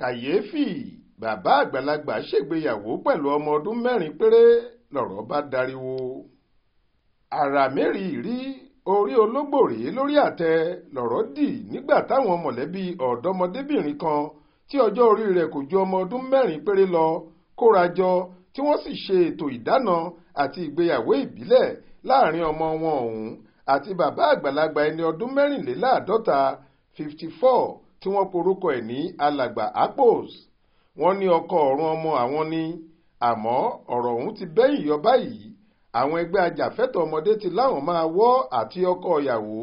kàyééfì bàbá àgbàlagbà ṣègbéyàwó pẹ̀lú ọmọ ọdún mẹ́rin péré lọ̀rọ̀ bá dariwo àrà mẹ́rin rí orí ológbò rèé lórí àtẹ lọ̀rọ̀ dì nígbà táwọn mọ̀lẹ́bí ọ̀dọ́mọdébìnrin kan tí ọjọ́ orí rẹ̀ kò ju ọmọ ọdún mẹ́rin péré lọ kóra jọ tí wọ́n sì ṣe ètò ìdáná àti ìgbéyàwó ìbílẹ̀ láàrin ọmọ wọn ọ̀hún àti bàbá àgbàlagbà ẹni ọdún mẹ́rìnléláàádọ́ta fifty four tí wọ́n porúkọ ẹ̀ ní alàgbà apos wọ́n ní ọkọ ọ̀run ọmọ àwọn ni àmọ́ ọ̀rọ̀ ọ̀hún ti bẹ́yìn yọ báyìí àwọn ẹgbẹ́ ajàfẹ́tọ̀ ọmọdé ti láwọn máa wọ́ àti ọkọ ìyàwó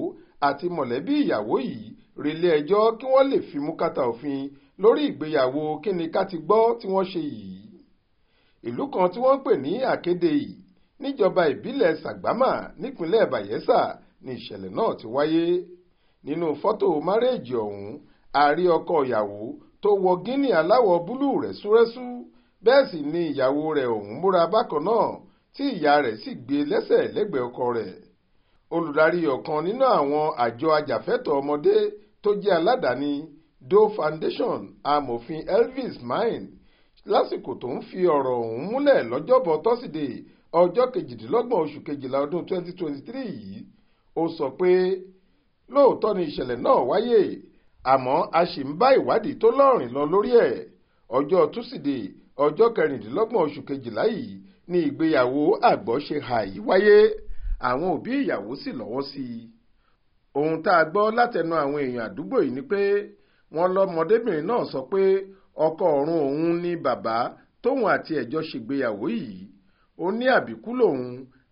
àti mọ̀lẹ́bí ìyàwó yìí relé ẹjọ́ kí wọ́n lè fimú kàtà òfin lórí ìgbéyàwó kíni ká ti gbọ́ tí wọ́n ṣe yìí ìlú kan tí wọ́n ń pè ní àkéde yìí níjọba ìbílẹ̀ sàgbámà nípínlẹ̀ bayelsa ni ìṣẹ̀lẹ̀ náà ti wáyé nínú fọ́tò márẹ́ẹ̀jì ọ̀hún àrí ọkọ ìyàwó tó wọ gíní aláwọ̀ búlúù rẹ̀ súrẹ́sú bẹ́ẹ̀ sì ni ìyàwó rẹ̀ ọ̀hún múra bákan náà tí ìyá rẹ̀ sì gbé e lẹ́sẹ̀ lẹ́gbẹ̀ẹ́ ọkọ rẹ̀ olùdarí ọ̀kan nínú àwọn àjọ ajàfẹ́tọ̀ọ́ ọmọdé tó jẹ́ aládàáni Doe Foundation amòfin Elvis Mine lásìkò tó ń fi ọ̀rọ̀ ọ̀hún múlẹ̀ lọ́jọ́bọ̀ tọ́sídẹ̀ẹ́ ọjọ́ kejìdínlọ́gbọ̀n oṣù kejìlá ọdún 2023 yìí ó sọ pé lóòótọ́ ni ìṣẹ̀lẹ̀ náà wáyé àmọ́ a sì ń bá ìwádìí tó lọ́rìn lọ lórí ẹ̀ ọjọ́ túsídẹ̀ẹ́ ọjọ́ kẹrìndínlọ́gbọ̀n oṣù kejìlá yìí ni ìgbéyàwó àgbọ̀ṣe hàì wáyé àwọn òbí ìyàwó sì lọ́wọ́ sí i ohun tá a gbọ́ látẹnu àwọn èèyàn àdúgbò yìí ni pé wọ́n lọ́mọdébìnrin náà sọ pé ọkọ ọ̀run òun ni bàbá tóun àti ẹ̀jọ́ ṣègbéyàwó yìí ó ní àbíkú lòun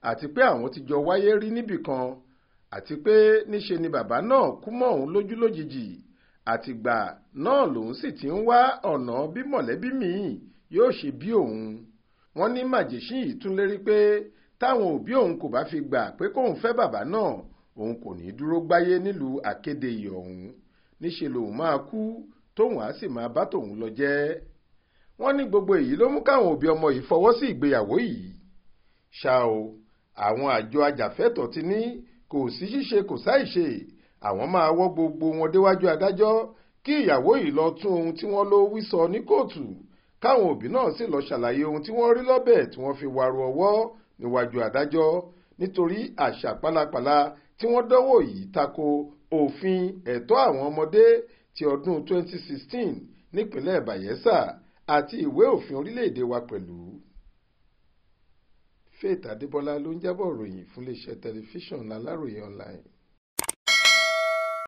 àti pé àwọn ti jọ wáyé rí níbì àti pé níṣe ni bàbá náà kú mọ́ òun lójú lójijì àtìgbà náà lòun sì ti ń wá ọ̀nà bí mọ̀lẹ́bí mi-ín yóò ṣe bí òun wọ́n ní màjèṣí yìí tún lérí pé táwọn òbí òun kò bá fi gbà pé kóun fẹ́ bàbá náà òun kò ní dúró gbáyé nílùú àkéde iyọ̀ ọ̀hún níṣẹ́ lòun máa kú tóun á sì máa bá tòun lọ jẹ́ wọ́n ní gbogbo èyí ló mú káwọn òbí ọmọ yìí fọwọ́ sí ìgbéyàwó yìí ṣá o àwọn àjọ ajàfẹ́tọ̀ọ́ ti ní kò sí ṣíṣe kò sáìṣe àwọn máa wọ́ gbogbo wọn déwájú adájọ́ kí ìyàwó yìí lọ tún ohun tí wọ́n ló wí sọ ní kóòtù káwọn òbí náà sì lọ ṣàlàyé ohun tí wọ́n rí lọ́bẹ̀ tí wọ́n fi waru ọwọ́ níwájú adájọ́ nítorí àṣà pálapàla tí wọ́n dánwò yìí tako òfin ẹ̀tọ́ àwọn ọmọdé ti ọdún 2016 nípínlẹ̀ Bayelsa àti ìwé òfin orílẹ̀-èdè wa pẹ̀lú. Faith Adébọlá ló ń jábọ̀ ròyìn fún iléeṣẹ́ tẹlifíṣàn Aláròye online.